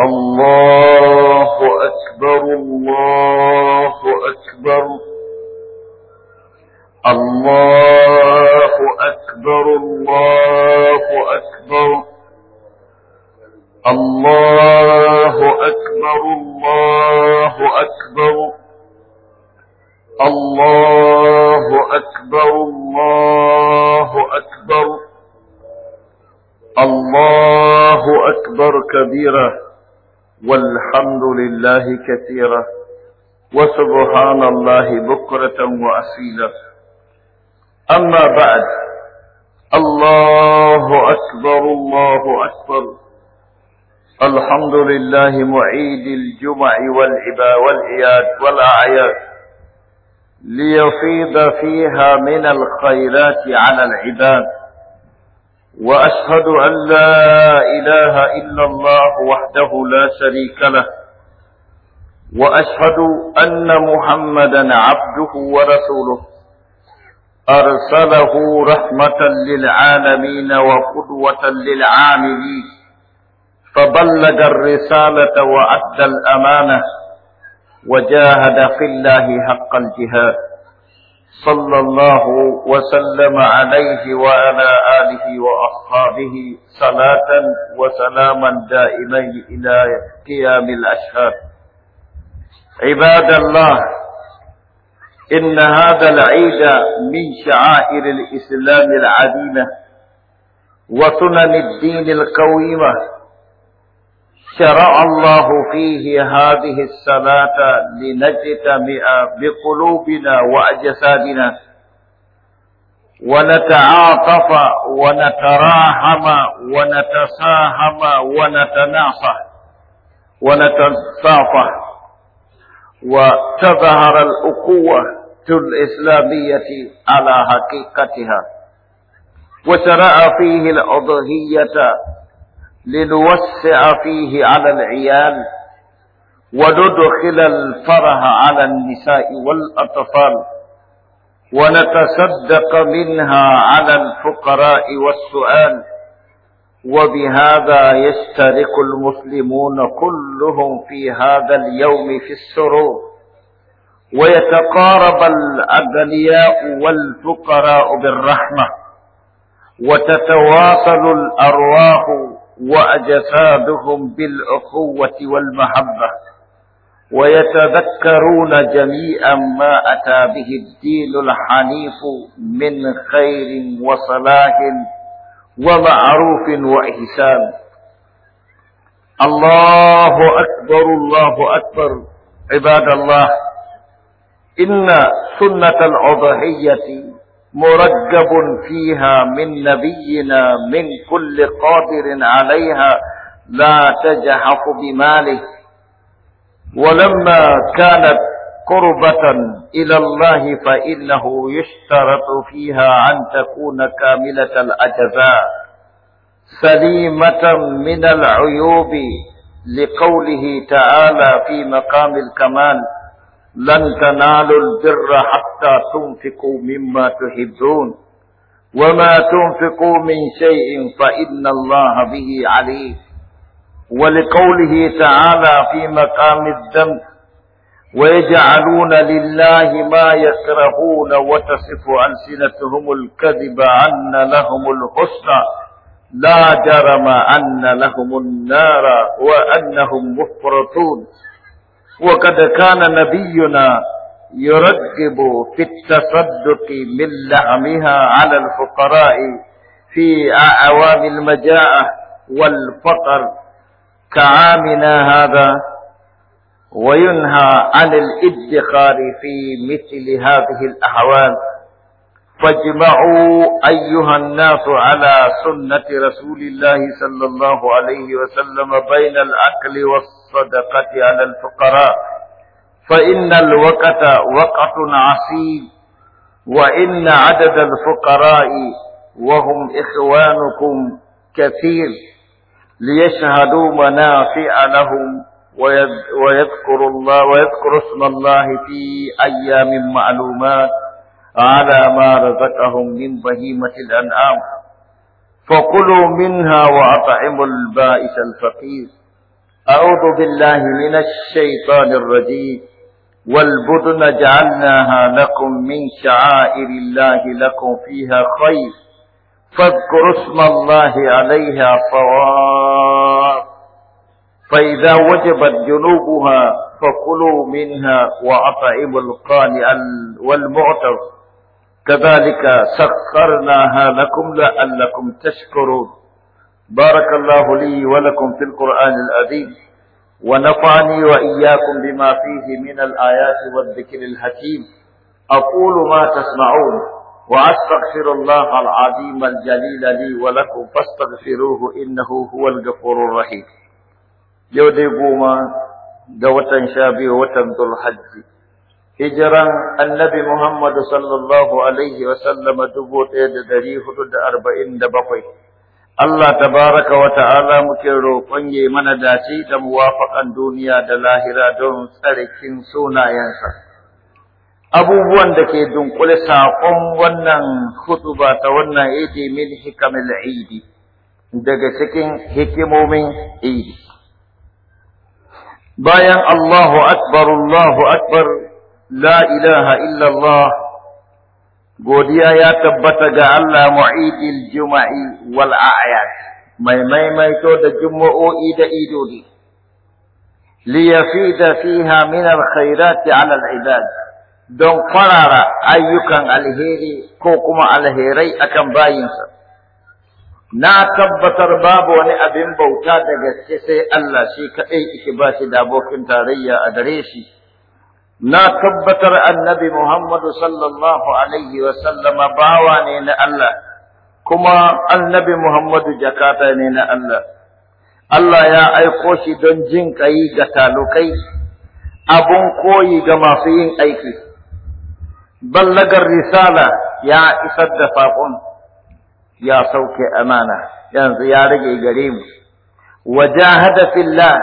الله أكبر الله أكبر الله أكبر الله أكبر الله أكبر الله أكبر الله أكبر الله أكبر الله أكبر كبيرا والحمد لله كثيرا وسبحان الله بكرة وأصيلا أما بعد الله أكبر الله أكبر الحمد لله معيد الجمع والعبا والعياد والأعياد ليفيض فيها من الخيرات على العباد وأشهد أن لا إله إلا الله وحده لا شريك له وأشهد أن محمدا عبده ورسوله أرسله رحمة للعالمين وقدوة للعاملين فبلغ الرسالة وأدى الأمانة وجاهد في الله حق الجهاد صلى الله وسلم عليه وعلى آله وأصحابه صلاة وسلاما دائمين إلى قيام الأشهاد عباد الله إن هذا العيد من شعائر الإسلام العديمة وسنن الدين القويمة شرع الله فيه هذه الصلاة لنجتمع بقلوبنا وأجسادنا ونتعاطف ونتراحم ونتساهم ونتناصح ونتصافح وتظهر الأقوة الإسلامية على حقيقتها وشرع فيه الأضحية لنوسع فيه على العيال وندخل الفرح على النساء والأطفال ونتصدق منها على الفقراء والسؤال وبهذا يشترك المسلمون كلهم في هذا اليوم في السرور ويتقارب الأغنياء والفقراء بالرحمة وتتواصل الأرواح وأجسادهم بالأخوة والمحبة ويتذكرون جميعا ما أتى به الدين الحنيف من خير وصلاح ومعروف وإحسان الله أكبر الله أكبر عباد الله إن سنة العضحية مرجب فيها من نبينا من كل قادر عليها لا تجحف بماله ولما كانت قربة إلى الله فإنه يشترط فيها أن تكون كاملة الأجزاء سليمة من العيوب لقوله تعالى في مقام الكمال لن تنالوا البر حتى تنفقوا مما تحبون وما تنفقوا من شيء فإن الله به عليم ولقوله تعالى في مقام الذنب ويجعلون لله ما يكرهون وتصف ألسنتهم الكذب أن لهم الحسنى لا جرم أن لهم النار وأنهم مفرطون وقد كان نبينا يرغب في التصدق من لحمها على الفقراء في أعوام المجاعة والفقر كعامنا هذا وينهى عن الادخار في مثل هذه الأحوال فاجمعوا أيها الناس على سنة رسول الله صلى الله عليه وسلم بين الأكل والصدقة على الفقراء فإن الوقت وقت عصيب وإن عدد الفقراء وهم إخوانكم كثير ليشهدوا منافع لهم ويذكر الله ويذكر اسم الله في أيام معلومات على ما رزقهم من بهيمة الأنعام فكلوا منها وأطعموا البائس الفقير أعوذ بالله من الشيطان الرجيم والبدن جعلناها لكم من شعائر الله لكم فيها خير فاذكروا اسم الله عليها صواب فإذا وجبت جنوبها فكلوا منها وأطعموا القانع والمعتر كذلك سخرناها لكم لعلكم تشكرون بارك الله لي ولكم في القرآن العظيم ونفعني وإياكم بما فيه من الآيات والذكر الحكيم أقول ما تسمعون وأستغفر الله العظيم الجليل لي ولكم فاستغفروه إنه هو الغفور الرحيم يودي قوما دوة شابي وتنذو الحج hijiran annabi Muhammad sallallahu alaihi wa sallama dubu da da Allah tabaraka wa ta'ala muke roƙon mana dace da muwafaƙan duniya da lahira don tsarkin sunayensa. Abubuwan da ke dunkule saƙon wannan hutuba ta wannan idi min hikamil idi daga cikin hikimomin idi. Bayan Allahu akbar Allahu akbar la ilaha illallah godiya ya tabbata ga Allah mu'idil juma'i wal a'yad mai maimaito da jumu'o'i da idodi liyafida fiha min al khairati ala al ibad don farara ayyukan alheri ko kuma alherai akan bayinsa na tabbatar babu wani abin bauta da gaske sai Allah shi kaɗai yake ba shi da abokin tarayya a gare shi na tabbatar annabi Muhammadu sallallahu alaihi wasallama bawa ne na Allah, kuma annabi Muhammadu jakata ne na Allah. Allah ya aiko shi don jin ƙayi ga talukai, abun koyi ga masu yin aiki. Ballagar risala ya isar da saƙon, ya sauke amana, yanzu ya rage gare mu. Wajahada fillah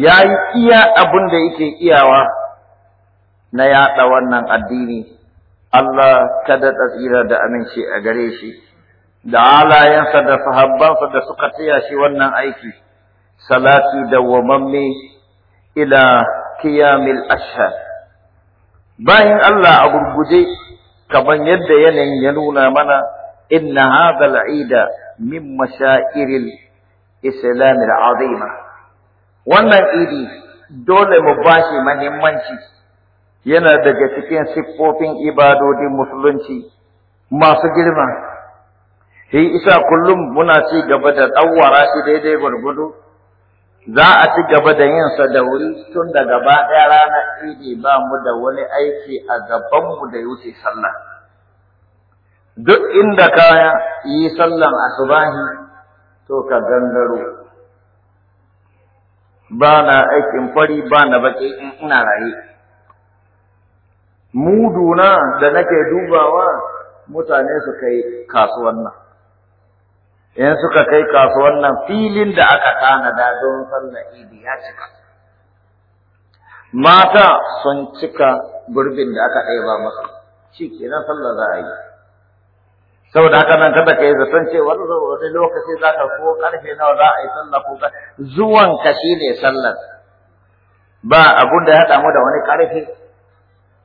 ya yi iya abun da yake iyawa. na yada wannan addini Allah kada tsira da aminci a gare shi da halayensa da sahabbansa da suka taya shi wannan aiki salati wamanni ila kiyamil ashhad bayan Allah a gurguje kaman yadda yanayin ya nuna mana inna hadha al min mashairil islam al-azima wannan idi dole mu bashi muhimmanci yana daga cikin siffofin ibadodin musulunci masu girma shi isa kullum muna ci gaba da tsawara shi daidai gwargwado za a ci gaba da yin sa da wuri tun da gaba ɗaya ranar idi ba mu da wani aiki a gabanmu da wuce sallah duk inda kaya yi sallan asubahi to ka gangaro ba na aikin fari ba na baƙi in ina raye muduna da nake dubawa mutane su kai kasuwan nan in suka kai kasuwan nan filin da aka tanada don sallar idi ya cika mata sun cika gurbin da aka ba masa shi kenan sallar za a yi saboda haka nan kada ka yi zaton cewa wani lokaci za ka ko karfe nawa za a yi sallah ko zuwan ka ne sallar ba abun da ya haɗa mu da wani karfe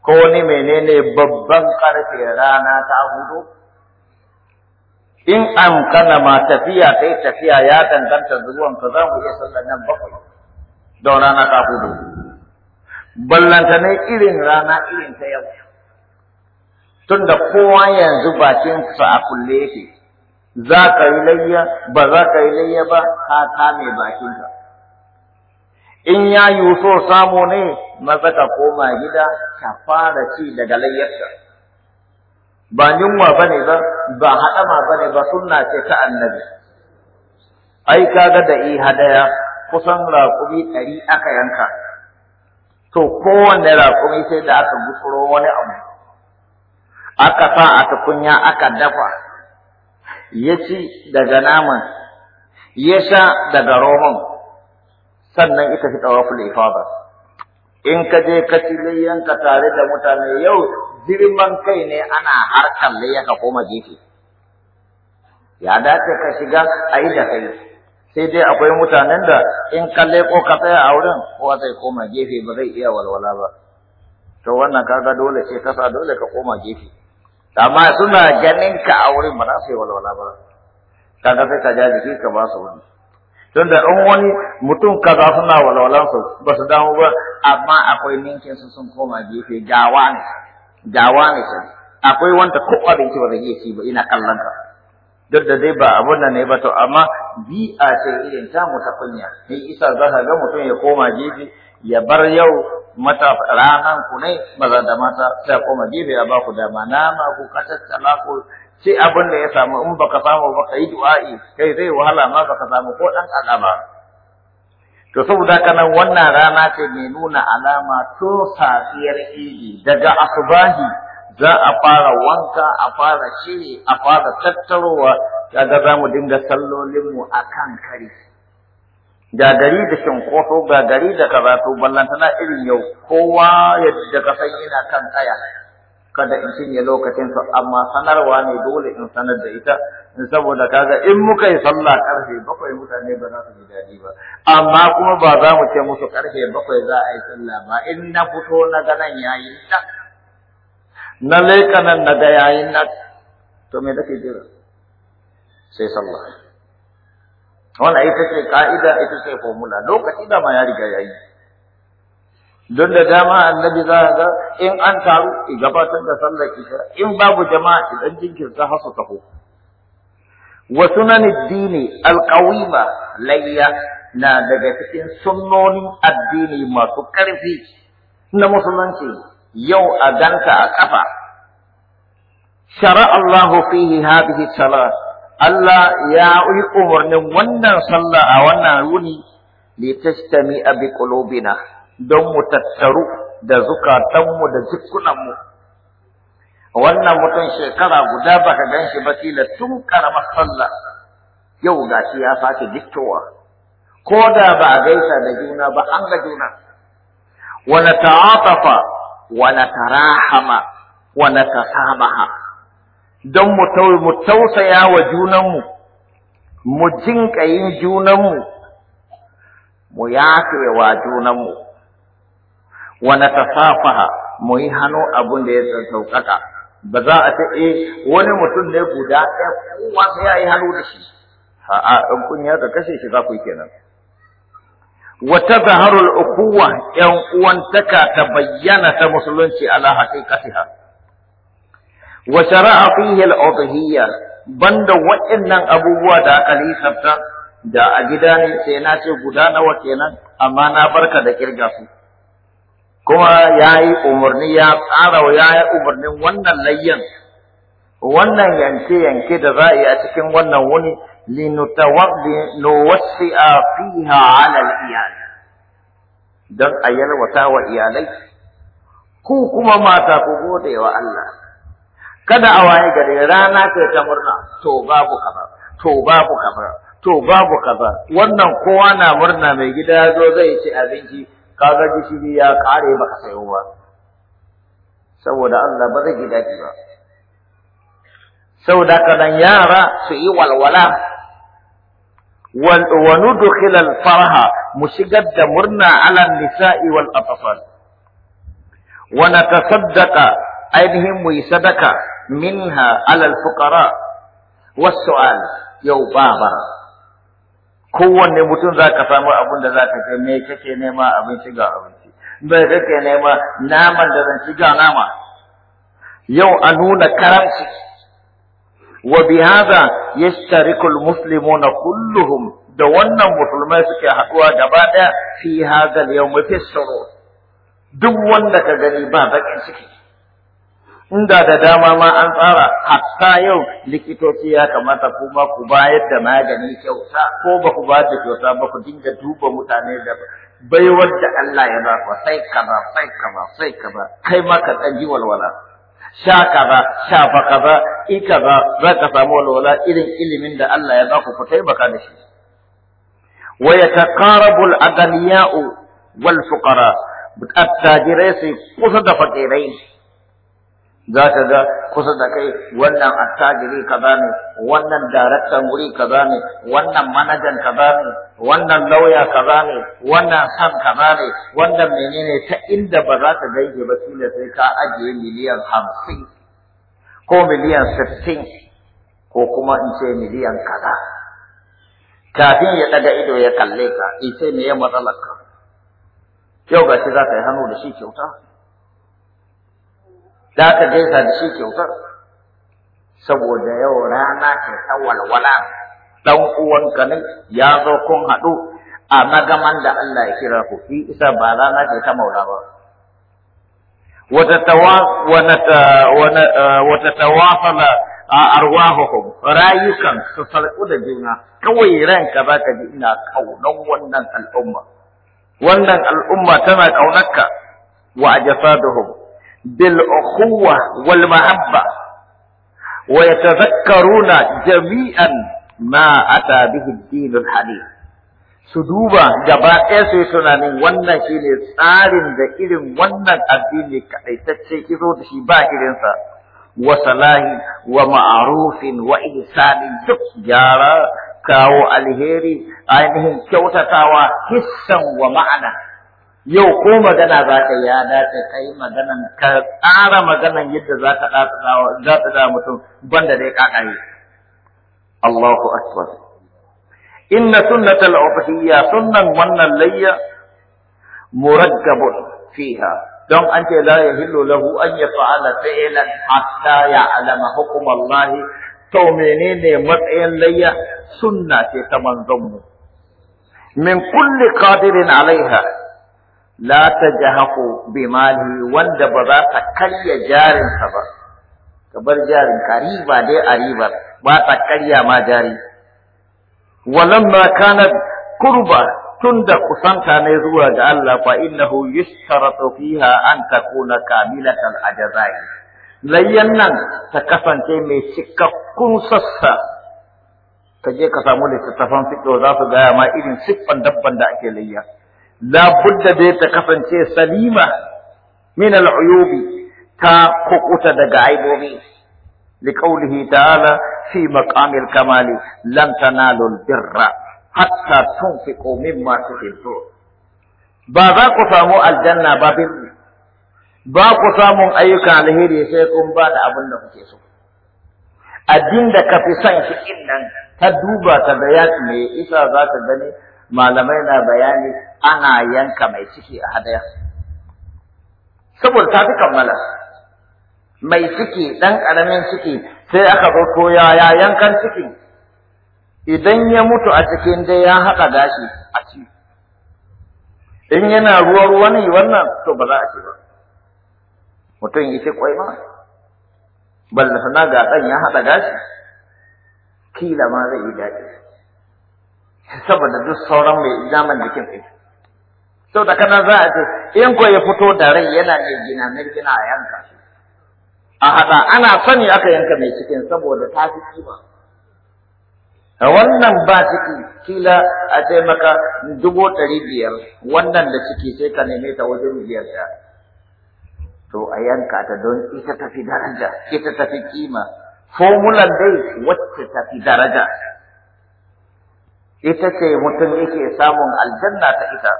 ko wani menene babban karfe rana ta hudu in an kana ma tafiya ta yi tafiya ya danganta zuwan ka za mu iya sallar nan bakwai don rana ta hudu ballanta ne irin rana irin ta yau tunda kowa yanzu bakinsa a kulle yake za ka yi layya ba za ka yi layya ba ka kame bakinka in ya yi so samu ne maza ka koma gida ka fara ci daga layyarka ba yunwa ba ne ba ba haɗama ba ne ba sunna ce ta annabi ai ga da i hadaya kusan raƙumi ɗari aka yanka to kowanne raƙumi sai da aka gusuro wani abu aka sa a tukunya aka dafa ya ci daga naman ya sha daga roman sannan ita fi tawaful ifada in ka je ka ci layyanka tare da mutane yau girman kai ne ana harkar layyanka koma gefe ya dace ka shiga a yi da kai sai dai akwai mutanen da in ka leƙo ka tsaya a wurin kowa zai koma gefe ba zai iya walwala ba to wannan kaga dole sai kasa dole ka koma gefe amma suna ganin ka a wurin ba za su yi walwala ba kaga sai ka ja jiki ka ba su wani tunda in wani mutum kaza suna walwalansu ba su damu ba amma akwai ninkin su sun koma gefe gawa ne gawa ne shi akwai wanda ko abinci ba zai iya ci ba ina kallon ka duk da dai ba abun nan ne ba to amma bi ce irin ta mu ta ni isa za ka ga mutum ya koma gefe ya bar yau mata ranan ku ne maza da mata sai koma gefe ya ba ku dama nama ku katattala ku sai abin da ya samu in baka samu ba ka yi du'a'i kai zai wahala ma baka samu ko dan alama to saboda kana wannan rana ce mai nuna alama tun safiyar idi daga asubahi za a fara wanka a fara shiri a fara tattarowa kaga za dinga sallolinmu a kan kari ga gari da shinkoso ga gari da karatu, to ballantana irin yau kowa yadda kasan san yana kan tsaya kada in cinye lokacin su amma sanarwa ne dole in sanar da ita saboda kaga in muka yi sallah karfe bakwai mutane ba za su ji daɗi ba amma kuma ba za mu ce musu karfe bakwai za a yi sallah ba in na fito na ga nan yayin nan na leka nan na ga yayin nan to me take jira sai sallah wannan ita ce ka'ida ita ce formula lokaci da ma ya riga yayi don da dama annabi za ga in an taru ki gabatar da sallar isha in babu jama'a ki dan jinkirta hasu taho wa sunan addini alqawima layya na daga cikin sunnonin addini masu ƙarfi na musulunci yau a danta a kafa shara Allahu fihi hadhihi salat Allah ya yi umarnin wannan sallah a wannan runi li tashtami bi qulubina don mu tattaru da zukatanmu da jikunanmu wannan mutum shekara guda baka gan shi ba tila tun karamar sallah yau shi ya sake jiktowa ko da ba a gaisa da juna ba an ga juna wa nata'atafa wa natarahama ta samaha. don mu tausaya wa junanmu mu jinƙayin junanmu mu yafe wa junanmu wa natasafaha mu yi hannu abun da ya sauƙaƙa ba za a ce eh, wani mutum ne guda ɗaya kowa sai ya yi hannu da shi a in kun ya ka kashe shi za ku yi kenan wa tazharu al-ukhuwa yan uwantaka ta bayyana ta musulunci ala haqiqatiha wa shara'a fihi al-udhiyya banda wa'annan abubuwa da aka lissafta da a gida ne sai na ce guda nawa kenan amma na barka da kirga su kuma ya yi umarni ya tsara wa ya yi umarnin wannan layyan wannan yanke-yanke da za a yi a cikin wannan wuni a fiha ala iyali don a yalwata wa iyalai ku kuma mata ku gode wa Allah kada a waye gari rana ce ta murna to babu kaza to babu kaza to babu kaza wannan kowa na murna mai gida zo zai ci abinci kaga gishiri ya kare baka sayo ba saboda Allah ba zai daɗi ba saboda kadan yara su yi walwala wa nudkhil al faraha mushigad da murna ala nisa'i wal atfal wa natasaddaqa ainihin mu yi sadaka minha ala al fuqara was su'al yau baba kowanne mutum za ka samu abin da za ka ce me kake nema abinci ga abinci me kake nema naman da zan ci ga nama yau a nuna karamci wa bihadha yashtariku almuslimuna kulluhum da wannan musulmai suke haduwa gaba daya fi hadha al-yawm fi duk wanda ka gani ba bakin ciki inda da dama ma an tsara hatta yau likitoci ya kamata kuma ku bayar da magani kyauta ko ba ku bayar da kyauta ba ku dinga duba mutane da baiwar da Allah ya ba ku sai kaza sai kaza sai kai ma ka ji walwala sha kaza sha fa ba, i kaza za ka samu walwala irin ilimin da Allah ya ba ku ku taimaka da shi wa yataqarabu al-aghniya'u wal fuqara attajirai sai kusa da fakirai za ka ga kusa da kai wannan attajiri kaza ne wannan daraktan wuri kaza ne wannan manajan kaza ne wannan lauya kaza ne wannan san kaza ne wannan menene ta inda ba za ta gaige ba tunda sai ka ajiye miliyan hamsin ko miliyan sittin ko kuma in ce miliyan kaza kafin ya daga ido ya kalle ka in ce me ya matsalar ka yau ga shi za ka yi hannu da shi kyauta da aka gaisa da shi kyautar saboda yau rana ke ta walwala dan uwanka ne ya zo kun haɗu a magaman da Allah ya kira ku fi isa ba rana ce ta maula ba wata tawa wana ta wana eh, wata rayukan su da juna kawai ranka baka ji ina kaunan wannan al'umma wannan al'umma tana kaunarka wa ajfaduhum بالأخوة والمحبة ويتذكرون جميعا ما أتى به الدين الحديث سدوبا جبا إيسو سناني وانا شيني سارين دا وانا أبيني كأي تتشي كذو تشي باكر وصلاه ومعروف وإحسان دك جارا كاو الهيري آينهن كوتا كاوا حسا ومعنى yau ko magana za ka ya dace ka yi maganan ka tsara maganan yadda za ka ɗaɗa da mutum banda dai kakaye. Allahu Akbar. Inna sunnata al'ubahiyya sunnan wannan layya muraggabun fiha don an ce la yahillu lahu an yaf'ala fi'lan hatta ya'lama hukum Allah to menene matsayin layya sunna ce ta manzon mu min kulli qadirin alaiha la tajhafu bai mali wanda ba za ka karya jarinka ba ka bar jarinka riba dai a riba ba ta karya ma jari walamma kanat kurba tunda kusanta ne zuwa ga Allah fa innahu yushtaratu fiha an takuna a ajzai layyan nan ta kasance mai cikakkun sassa ka je ka samu littattafan fiqh za su gaya ma irin siffan dabban da ake layya labudda da ta kasance salima min al'uyubi ta kukuta daga aibobi liqaulihi ta'ala fi maqamil kamali lan tanalu birra hatta tunfiqu mimma tuhibbun ba za ku samu aljanna ba bin ba ku samun ayyuka alheri sai kun ba da abin da kuke so abin da ka fi son shi nan ta duba ta da yaƙi mai isa za ka gani malamai na bayani ana yanka mai ciki a hadaya saboda ta kammala mai ciki ɗan ƙaramin ciki sai aka zo ko ya yankan ciki idan ya mutu a cikin dai ya haka gashi a ci in yana ruwa ruwa ne wannan to ba za a ci ba mutum ya ce kwai ma balla sana ga ɗan ya haɗa gashi kila ma zai yi daɗi saboda duk sauran mai zaman jikin sai sau da kana za a ce in ko ya fito da rai yana ne gina mai gina a yanka a haɗa ana sani aka yanka mai cikin saboda ta fi kima wannan ba ciki kila a ce dubu ɗari biyar wannan da ciki sai ka neme ta wajen biyar ta. to a yanka ta don ita tafi daraja ita tafi kima fomulan dai wacce tafi daraja ita ce mutum yake samun aljanna ta ita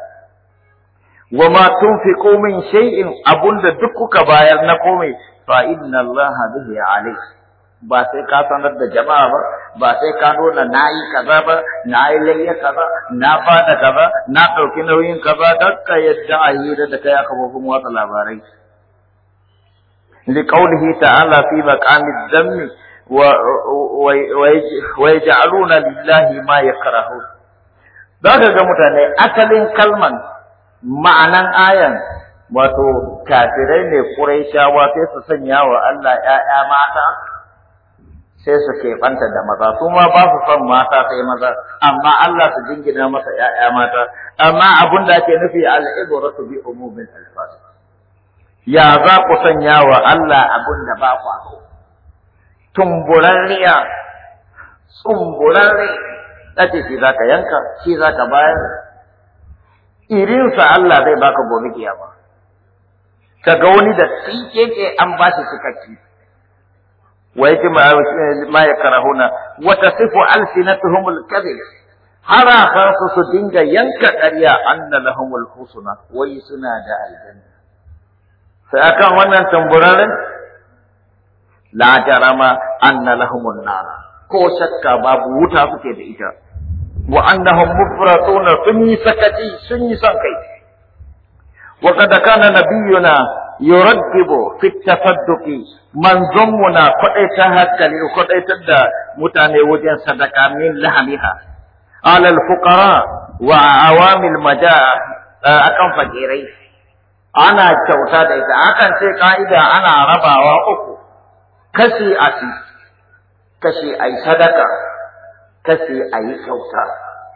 wa ma tunfiqu min shay'in abunda duk kuka bayar na komai fa inna allaha bihi alai. ba sai ka sanar da jama'a ba ba sai ka nuna nayi kaza ba nayi layya kaza na faɗa kaza na ɗauki nauyin kaza dakka yadda a hira da kai aka kafofin watsa labarai liqaulihi ta'ala fi maqamid dammi ويجعلون lillahi ma yakrahun zaka ga mutane akalin kalman ma'anan ayan wato kafirai ne Qurayshawa sai su sanya wa Allah ƴaƴa mata sai su banta da maza su ma ba su son mata sai maza amma Allah su dingina masa ƴaƴa mata amma abun da ake nufi al'ibratu bi umumin alfas ya za ku sanya wa Allah abun da ba ku so tumburarriya tsumburarri na ce shi za ka yanka shi za ka bayar irinsa Allah zai baka gobe kiyama ka ga wani da tsinkeke an ba shi ci. wa yake ma ya karahuna wa tasifu alsinatuhumul kadhib harafan su su dinga yanka ƙarya anna lahumul husna wai suna da aljanna sai akan wannan tamburaren la jarama anna lahumun nar ko shakka babu wuta suke da ita wa annahum mufratuna sun yi sakati sun yi son kai wa kad kana nabiyuna yuraddibu fi tafadduqi manzumuna ta hakkali kwadaitar da mutane wajen sadaka min lahamiha ala alfuqara wa awamil majaa akan fakirai ana kyauta da ita akan ce ka'ida ana rabawa uku kashe a ci kashe a yi sadaka kashe a yi kyauta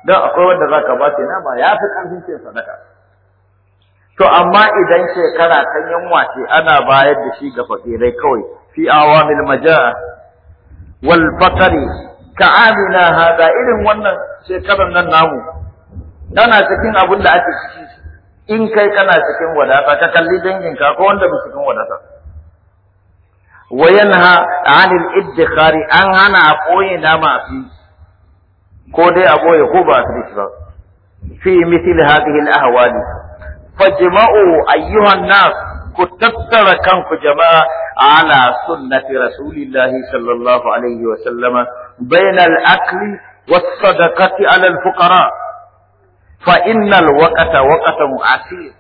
don akwai wanda za ka ba nama ya fi ƙarfin ce sadaka to amma idan shekara ta yanwa ce ana bayar da shi ga fakirai kawai fi mil maja wal fakari ka amina hada irin wannan shekarar nan namu tana cikin abin da ake ciki in kai kana cikin wadata ka kalli danginka ko wanda bai cikin wadata وينهى عن الادخار أن انا أقوي ما في كودي ابوي كوبا أسرش في مثل هذه الأهوال فاجمعوا أيها الناس كتبتر كنك جماعة على سنة رسول الله صلى الله عليه وسلم بين الأكل والصدقة على الفقراء فإن الوقت وقت عسير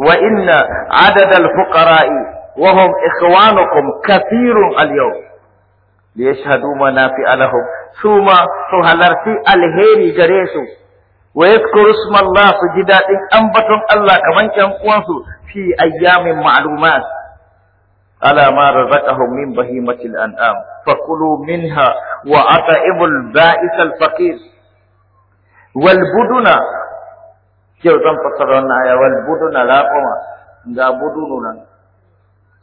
وإن عدد الفقراء وهم إخوانكم كثير اليوم ليشهدوا منافع لهم ثم سهلرتي الهيري جريسو ويذكر اسم الله سجدا أنبتهم الله كمن كان قوانسو في أيام معلومات على ما رزقهم من بهيمة الأنعام فكلوا منها وأطعموا البائس الفقير والبدن كيف تنفصلون الآية والبدن لا قمع ذا بدن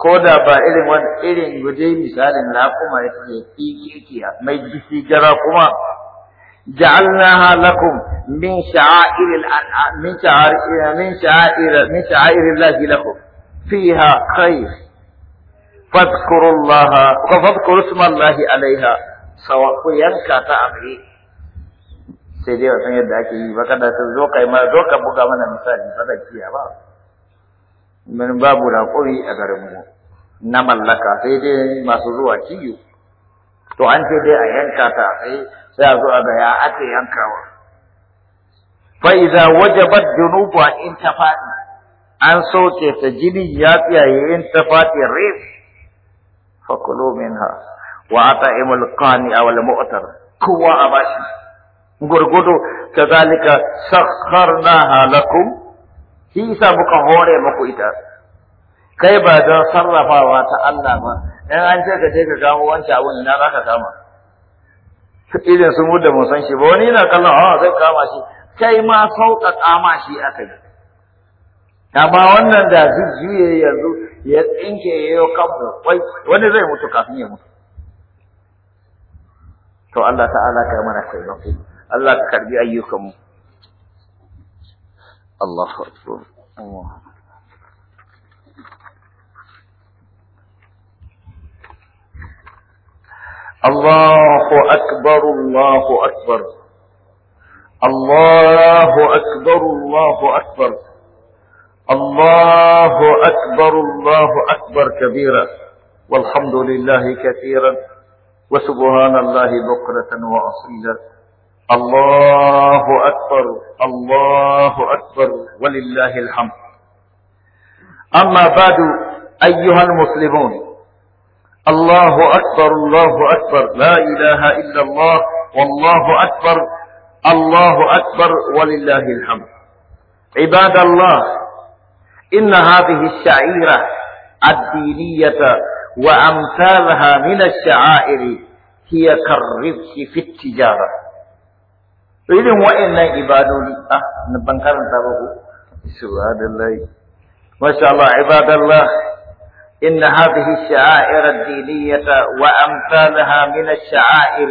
ko da ba irin wani irin guje misalin raƙuma ya ce kikiya mai bisi jara kuma ja'alnaha lakum min sha'airil an'am min sha'air min sha'air min sha'airillahi lakum fiha khair fadhkurullaha wa fadhkuru alaiha sawa yanka ta amri sai dai wasan yadda ake yi ba kada ta zo kai ma zo ka buga mana misali ba ba min babu raƙuri a garinmu na mallaka sai dai masu zuwa ciyo to an ce dai a yanka ta sai sai a zo a ya ake yankawa fa idza wajabat junuba in tafati an soke ta jini ya tsiyaye in tafati rif fa kulu minha wa ata'imul qani aw mu'tar kowa a bashi gurgudu kazalika sakharnaha lakum shi yasa muka hore muku ita kai ba don sarrafawa ta Allah ba in an ce ka je ka kamo wancan abun ina za ka kama irin sun da mun san shi ba wani yana kallon hawa ah, zai kama shi kai ma sauƙaƙa ma shi aka yi amma wannan da jujjuye yanzu ya tsinke ya yi kanmu wani zai mutu kafin ya mutu to Allah ta'ala ka mana kai Allah ka karbi ayyukanmu الله أكبر الله الله أكبر الله أكبر الله أكبر الله أكبر الله أكبر الله أكبر كبيرا والحمد لله كثيرا وسبحان الله بكرة وأصيلا الله أكبر الله أكبر ولله الحمد أما بعد أيها المسلمون الله أكبر الله أكبر لا إله إلا الله والله أكبر الله أكبر ولله الحمد عباد الله إن هذه الشعيرة الدينية وأمثالها من الشعائر هي كالربح في التجارة irin wa'annan ibadoli ah na ban karanta ba ku subhanallahi masha Allah ibadallah إن هذه الشعائر الدينية وأمثالها من الشعائر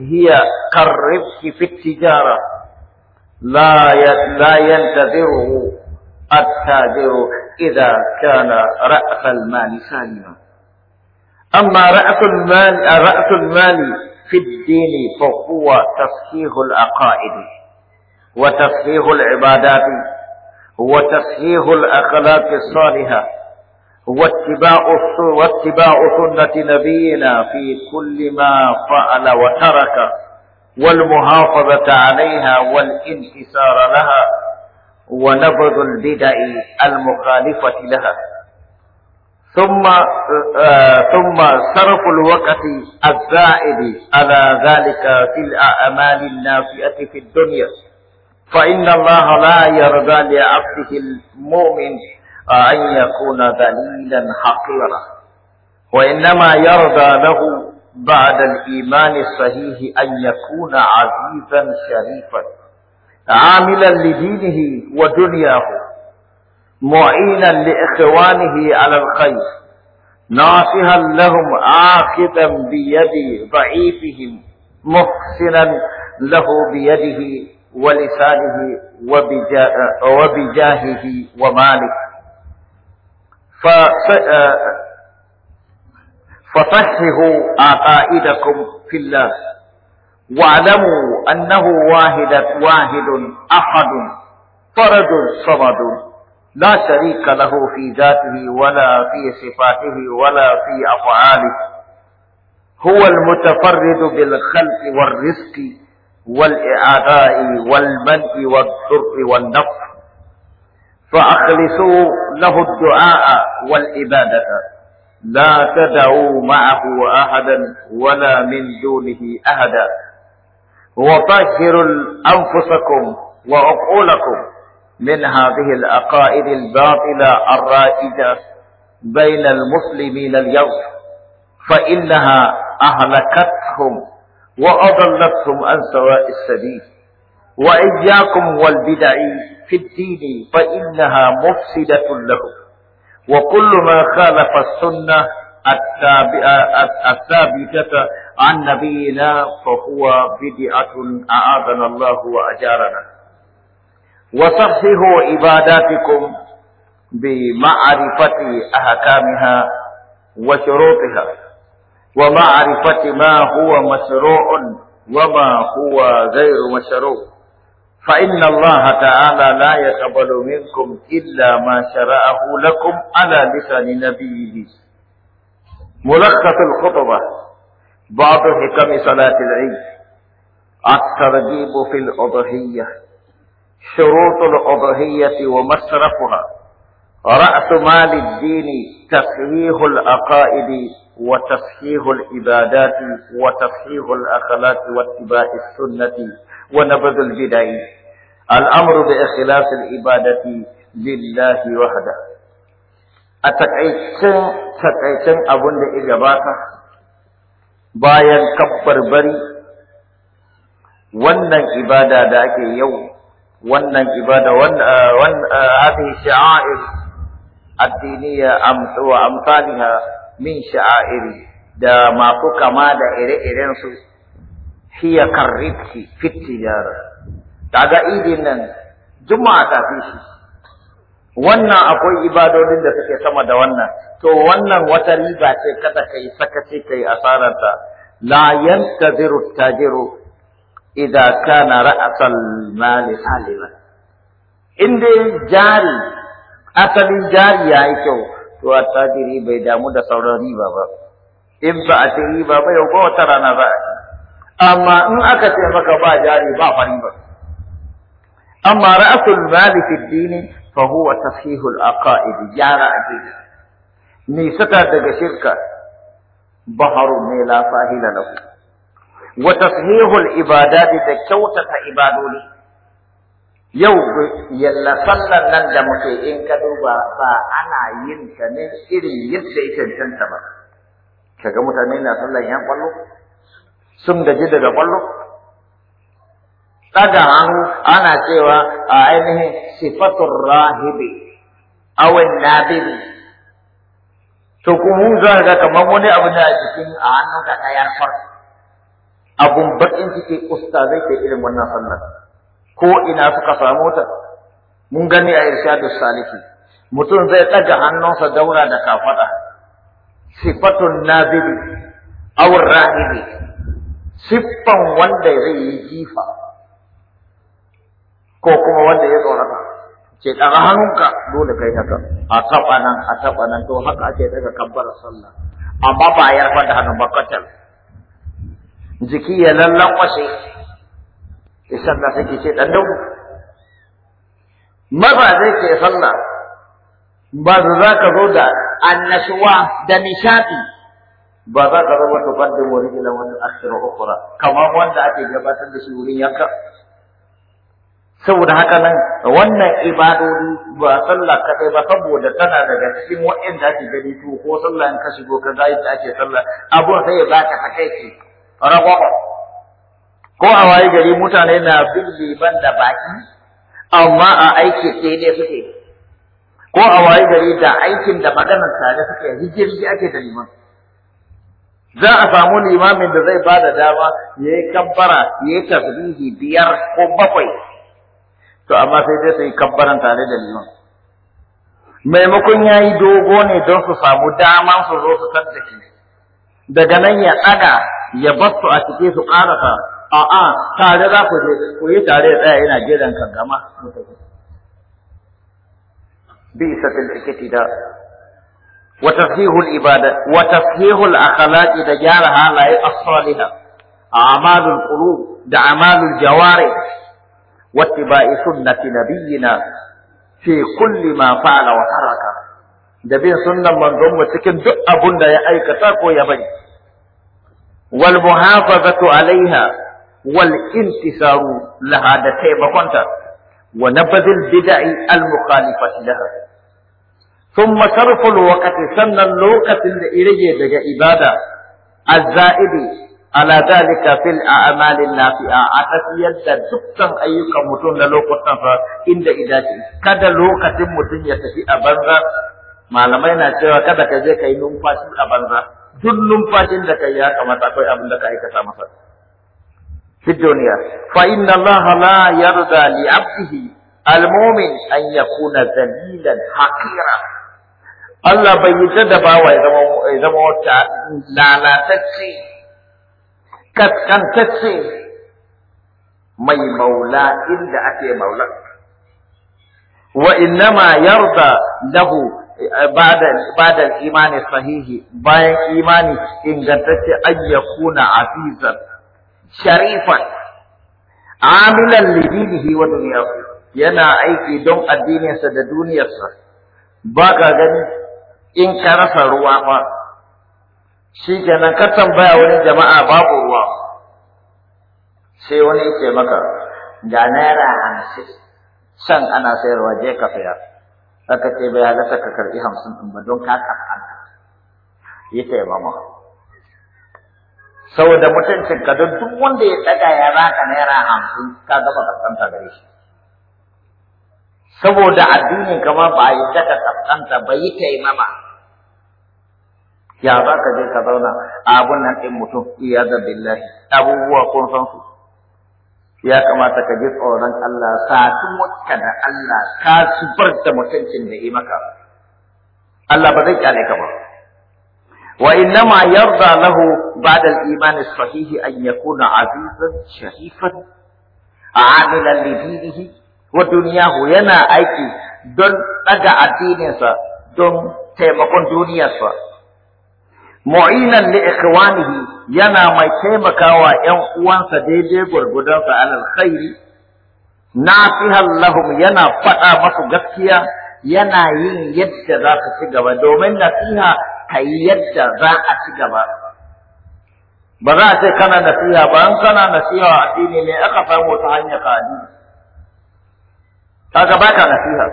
هي كالربح في التجارة لا لا ينتظره التاجر إذا كان رأس المال سالما أما رأس المال رأس المال في الدين فهو تصحيح العقائد وتصحيح العبادات وتصحيح الأخلاق الصالحة واتباع واتباع سنة نبينا في كل ما فعل وترك والمحافظة عليها والانتصار لها ونبذ البدع المخالفة لها ثم آه، ثم صرف الوقت الزائد على ذلك في الأعمال النافئة في الدنيا فإن الله لا يرضى لعبده المؤمن آه، أن يكون ذليلا حقيرا وإنما يرضى له بعد الإيمان الصحيح أن يكون عزيزا شريفا عاملا لدينه ودنياه معينا لإخوانه على الخير ناصحا لهم آخذا بيد ضعيفهم محسنا له بيده ولسانه وبجاهه وماله فصححوا عقائدكم في الله واعلموا أنه واحد واحد أحد فرد صمد لا شريك له في ذاته ولا في صفاته ولا في أفعاله هو المتفرد بالخلق والرزق والإعداء والمنع والضر والنفع فأخلصوا له الدعاء والعبادة لا تدعوا معه أحدا ولا من دونه أحدا وطهروا أنفسكم وعقولكم من هذه العقائد الباطلة الرائجة بين المسلمين اليوم فإنها أهلكتهم وأضلتهم عن سواء السبيل وإياكم والبدع في الدين فإنها مفسدة لهم وكل ما خالف السنة التابعة الثابتة عن نبينا فهو بدعة أعاذنا الله وأجارنا وصححوا عباداتكم بمعرفة أحكامها وشروطها ومعرفة ما هو مشروع وما هو غير مشروع فإن الله تعالى لا يقبل منكم إلا ما شرعه لكم على لسان نبيه ملخص الخطبة بعض حكم صلاة العيد الترغيب في الأضحية شروط الأضحية ومصرفها رأس مال الدين تصحيح العقائد وتصحيح العبادات وتصحيح الأخلاق واتباع السنة ونبذ البدع الأمر بإخلاص العبادة لله وحده أتكأيتن تكأيتن أبن إجاباته باين كبر بري وأن العبادة ذاك يوم wannan ibada wannan ah, ah, hadhihi sha'air addiniya amsu wa amsalha min sha'airi da masu kama da ire-iren su hiya karribki fitiyar daga idin nan juma'a ta fi shi wannan akwai ibadodin da suke sama da wannan to wannan wata riba ce kada kai sakaci kai asararta la yantaziru tajiru إذا كان رأس المال سالما إن دي جاري أتلي جاري يا إيكو تو ريبا إذا مدى سوراني بابا إن بأتري بابا يوكو ترانا بأتي أما إن أكتر مكبا جاري با فريبا أما رأس المال في الدين فهو تصحيح الأقائد جارة أجيزة نيستا دقى بحر ميلا فاهلا لكم Wata tashihul ibadati da kyautata ibadoli yau yalla sallan nan da muke in ka duba ba ana yin ta ne irin yadda ita cancanta ba kaga mutane na sallan yan kwallo sun gaji daga kwallo daga hannu ana cewa a ainihin sifatun rahibi awin nabibi to kuma za ga kamar wani abu da cikin a hannun ka tayar farko abun baƙin ciki ustazai ke irin wannan sannan. ko ina suka samu ta mun gani a irshadu saliki mutum zai ɗaga hannunsa daura da kafaɗa sifatun nazibi aw rahibi siffan wanda zai yi jifa ko kuma wanda ya tsorata ce daga hannunka dole kai haka a taɓa nan a taɓa nan to haka ake daga kabbar sallah amma ba a yarfa da hannun ba kacal jiki ya lallanwashe ki sallah sai ce dan dubu maza zai ke sallah ba su za ka zo da annashuwa da nishaɗi ba za ka zo wata fardin wani ila wani ashirin ukura kamar wanda ake gabatar da shi wurin yanka saboda haka nan wannan ibadodi ba sallah kadai ba saboda tana daga cikin waɗanda ake gani to ko sallah in ka shigo ka yi ta ake sallah abun sai ya baka ragwagwa ko a waye gari mutane na bin liban da baki amma a aiki sai dai suke ko a waye gari da aikin da maganar tare suke rigirgi ake da liman za a samu limamin da zai bada dama ya yi kabbara ya yi tasbihi biyar ko bakwai to amma sai dai sai kabbaran tare da liman maimakon ya yi dogo ne don su samu daman su zo su daga nan ya tsaga ya basu a cike su karasa a'a tare za ku je ku yi tare tsaya yana jiran ka gama بئست الاعتداء وتصحيح العبادة وتصحيح الأخلاق إذا جارها لا الصالحة أعمال القلوب دعمال الجوارح واتباع سنة نبينا في كل ما فعل وترك دبين سنة من ضم سكن دؤ أبن يا أيكتا كو يبني wal muhafazatu alaiha wal intisaru laha da taimakonta wa nabadil bid'i al mukhalifati laha thumma sarfu al waqti sannan lokacin da irage daga ibada az-za'idi ala dalika fil a'malin nafi'a a tafiyar da dukkan ayyukan mutum da lokutan fa inda idaci kada lokacin mutum ya tafi a banza malamai na cewa kada ka je ka yi numfashi a banza duk numfashin da kai ya kamata akwai abin da ka aikata masa fa inna allaha la yarda li abdihi almu'min an yakuna zalilan حقيرا Allah bai yi da wa ya zama zama wata lalatacce, kaskantacce mai maula inda ake maula. Wa innama yarda lahu ibadar imani sahihi bayan imani ingantacce ayyakuna a fizar sharifan amilan lidinihi wa duniyarsu yana aiki don addininsa da duniyarsa ba ka gani in ka rasa ruwa ba shi nan ka tambaya wani jama'a babu ruwa sai wani ke maka ga naira hamsin can ana sayarwa je ka sayar Saka ce bai halatta ka karɓi hamsin ɗin ba don ka ta yi taimama saboda mutuncin ka don duk wanda ya ɗaga ya raka naira hamsin ka gaba tsanta gare shi saboda addinin kamar ba yi ta ka tsanta ba yi taimama ya za ka je ka zauna abun nan ɗin mutum iya zabi abubuwa kun san su ya kamata ka ji tsoron Allah satumwarka da Allah ka zubar da mutuncin da yi maka Allah ba zai kyale ka ba wa innama yarda lahu ba'da al-iman as-sahih an yakuna azizan sharifan adilan li dinihi wa dunyahu yana aiki don daga addininsa don taimakon duniyarsa mu'inan li ikhwanihi yana mai taimakawa ƴan uwansa daidai gurgudansa alal khairi nasihan lahum yana faɗa masu gaskiya yana yin yadda za ka ci gaba domin nasiha ka yi yadda za a ci gaba ba za a ce kana nasiha ba in kana nasiha a addini ne aka samu ta hanya ka addini kaga baka nasiha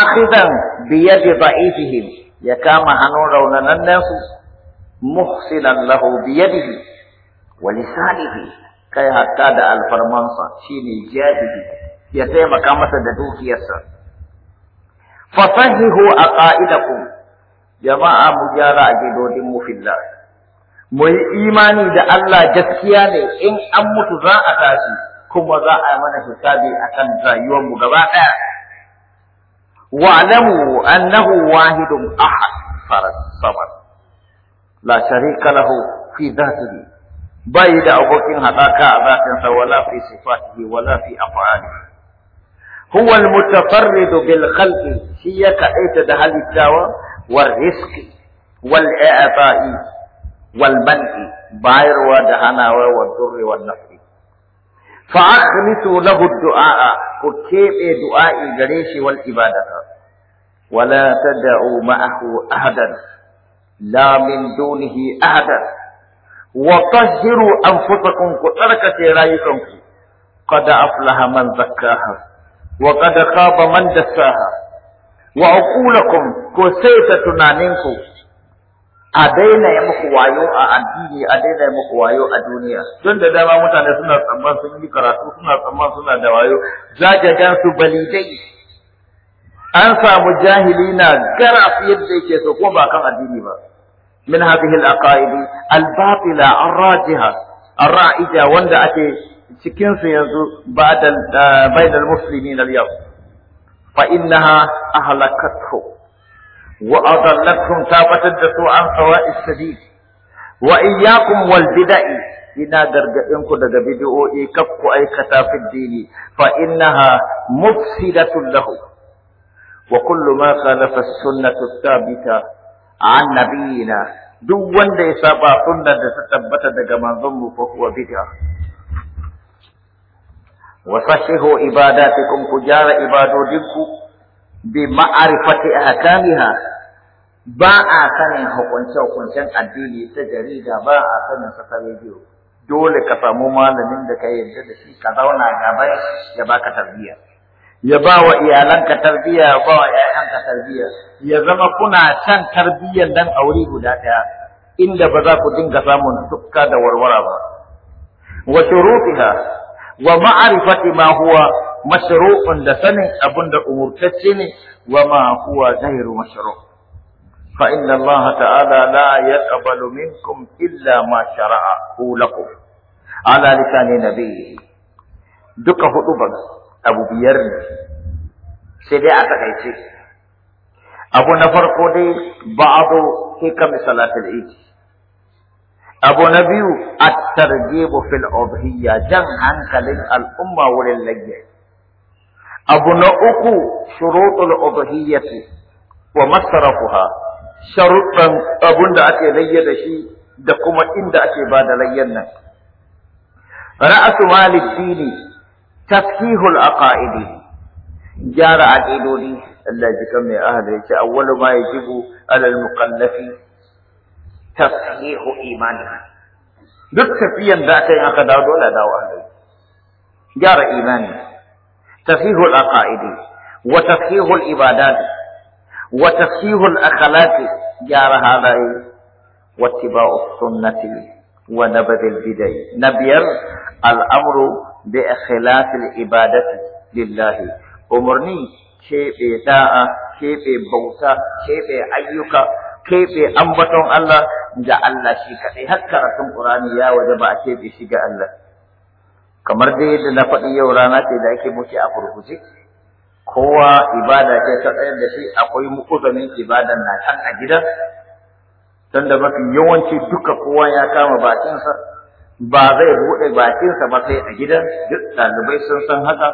akhidan bi da'ifihim يكام هنون رونا ننسو محسنا له بيده ولسانه كي هكذا الفرمانسا شيني جاده يتيم كما تدوك يسر فصحه أقائدكم جماعة مجارة جدود في الله مي إيماني دا الله جسكياني إن أموت ذا أتاسي كما ذا أمن حسابي أتن ذا يوم غباتا واعلموا أنه واحد أحد فرد صمد لا شريك له في ذاته بعيد أبوكين هداك ذاته ولا في صفاته ولا في أفعاله هو المتفرد بالخلق هي كأيت دهل الدواء والرزق والإعطاء والمنع باير ودهنا والضر والنفر فأخلصوا له الدعاء فكيف دعاء جريش والإبادة ولا تدعوا معه أحدا لا من دونه أحدا وطهروا أنفسكم كترك سيرايكم قد أفلح من زكاها وقد خاب من دساها وعقولكم كسيتة نانينكم a daina ya muku wayo a addini a daina ya muku wayo a duniya don da dama mutane suna tsamman sun yi karatu suna tsamman suna da wayo za su balidai an samu jahili na gara yadda yake so kuma ba kan addini ba min hadhihi al-aqaid al-batila raija wanda ake cikin su yanzu ba'da eh, bainal muslimin al-yawm fa innaha ahlakathu وأضلتهم ثابت الدسوء عن سواء السبيل وإياكم والبدع إنا درجئنكم دغ بدعو إيكف أي كتاف الدين فإنها مفسدة له وكل ما خالف السنة الثابتة عن نبينا دوان دي سابا سنة تثبت ما منظم فهو بدعة وصححوا عباداتكم فجار عبادو دينكم bi ma'arifati ahkamiha ba a sanin hukunce-hukuncen addini ta jarida ba a sanin sa ta rediyo dole ka samu malamin da ka yarda da shi ka zauna gaban ya baka tarbiyya ya ba wa iyalanka tarbiyya ya ba wa iyalanka tarbiyya ya zama kuna can tarbiyyar nan a wuri guda ɗaya inda ba za ku dinga samun tukka da warwara ba wa shurutiha wa ma'arifati ma huwa mashru'un da sanin abin da umurtacce ne wa ma huwa ghairu mashru' fa inna Allah ta'ala la yaqbalu minkum illa ma shara'a lakum ala lisani nabiyhi duka hudu ba abu biyar ne sai dai aka kaice abu na farko dai ba'du hikam salatul eid abu na biyu at-targhib fil udhiyya jan hankalin al'umma wurin lagge abu na uku shurutul udhiyyati wa masrafuha sharuɗan abun da ake layya da shi da kuma inda ake ba da layyan nan ra'su malid dini tafkihul aqaidi gyara aqidodi Allah ji kan mai ahada yace awwalu ma yajibu alal mukallafi tafkihu imani duk tafiyan da aka yi aka dawo dole dawo ahada gyara imani تصحيح العقائد وتصحيح العبادات وتصحيح الأخلاق يا هذا واتباع السنة ونبذ البدع نبير الأمر بإخلاص العبادة لله أمرني كيف داء كيف بوتا كيف أيك كيف أنبتهم الله جعل الله شيكا هكذا القرآن يا وجب كيف شيكا الله kamar dai yadda na faɗi yau rana ce da ake mutu a kurkuce kowa ibada ce ta tsayar da shi akwai mukuzamin ibadan na can a gida tunda mafi yawanci duka kowa ya kama bakinsa ba zai buɗe bakinsa ba sai a gida duk ɗalibai sun san haka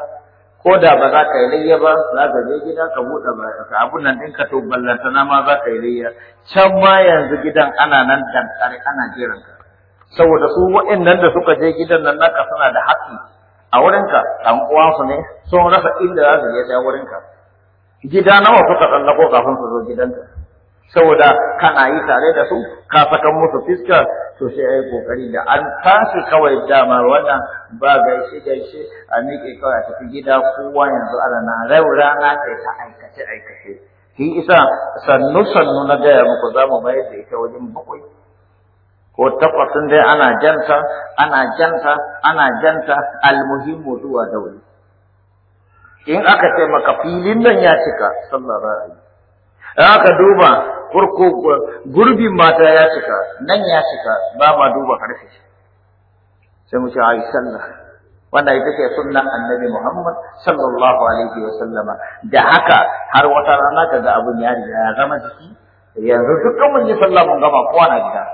ko da ba za ka yi layya ba za ka je gida ka buɗe ka abun nan ɗinka to ballantana ma za ka yi layya can ma yanzu gidan ana nan dankare ana jiran ka saboda su waɗannan da suka je gidan nan naka suna da haƙƙi a wurinka uwan su ne sun rasa inda za su je da wurinka gida nawa suka tsallako kafin su zo gidanka saboda kana yi tare da su ka saka musu fiska to sai ai kokari da an tashi kawai dama wannan ba gaishe gaishe a miƙe kawai a tafi gida kowa yanzu ana na rau rana kai ta aikace aikace shi isa sannu sannu na gaya muku za mu bayar da ita wajen bakwai ko takwasin dai ana janta ana janta ana janta almuhimmu zuwa dauri in aka ce maka filin nan ya cika sallar ra'ayi in aka duba kurko gurbin mata ya cika nan ya cika ba ma duba karfe sai mu ce ai sallah Wanda ita ce sunnan annabi Muhammad sallallahu alaihi wa sallama da haka har wata rana kaga abun ya riga ya zama jiki yanzu dukkan mun yi sallah mun gama kowa na gida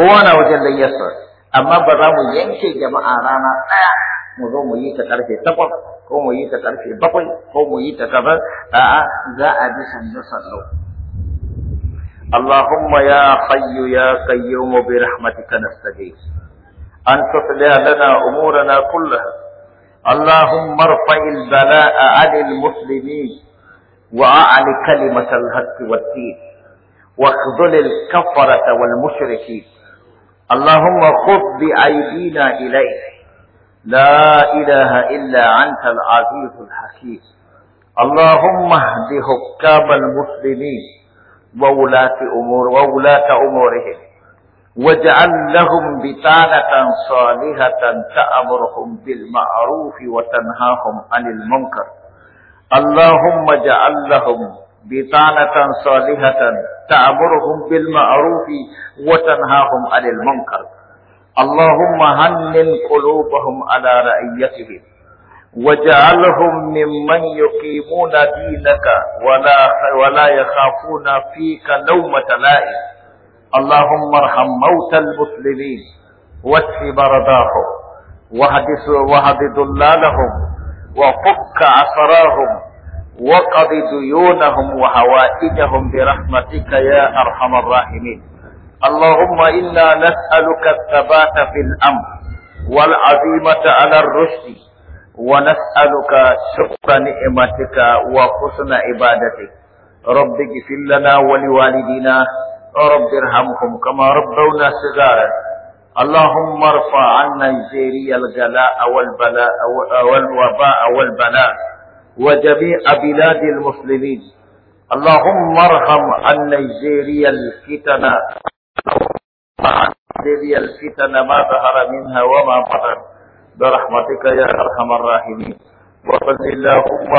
kowa na wajen layyarsa amma ba za mu yanke jama'a rana ɗaya mu zo mu yi ta karfe takwas ko mu yi ta karfe bakwai ko mu yi ta kaza a'a za a bi sanda sannu اللهم يا حي يا قيوم برحمتك نستغيث أن تصلح لنا أمورنا كلها اللهم ارفع البلاء عن المسلمين وأعل كلمة الحق والدين واخذل الكفرة والمشركين اللهم خذ بأيدينا إليك لا إله إلا أنت العزيز الحكيم اللهم اهد حكام المسلمين وولاة أمور وولاة أمورهم واجعل لهم بطانة صالحة تأمرهم بالمعروف وتنهاهم عن المنكر اللهم اجعل لهم بطانة صالحة تعبرهم بالمعروف وتنهاهم عن المنكر اللهم هنن قلوبهم على رعيتهم وجعلهم ممن يقيمون دينك ولا ولا يخافون فيك لومة لائم اللهم ارحم موتى المسلمين واشف مرضاهم واهد ضلالهم وفك عصراهم وقضي ديونهم وهوائجهم برحمتك يا أرحم الراحمين اللهم إنا نسألك الثبات في الأمر والعزيمة على الرشد ونسألك شكر نعمتك وحسن عبادتك رب اغفر لنا ولوالدينا رب ارحمهم كما ربونا صغارا اللهم ارفع عنا الجيري الجلاء والبلاء والوباء والبلاء وجميع بلاد المسلمين اللهم ارحم عن نيجيريا الفتن عن نيجيريا الفتن ما ظهر منها وما بطن برحمتك يا ارحم الراحمين وصل اللهم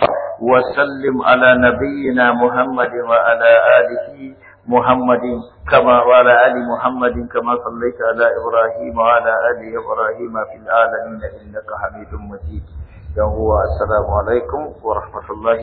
وسلم على نبينا محمد وعلى اله محمد كما وعلى ال محمد كما صليت على ابراهيم وعلى ال ابراهيم في العالمين انك حميد مجيد yan uwa assalamu alaikum wa rahmatullahi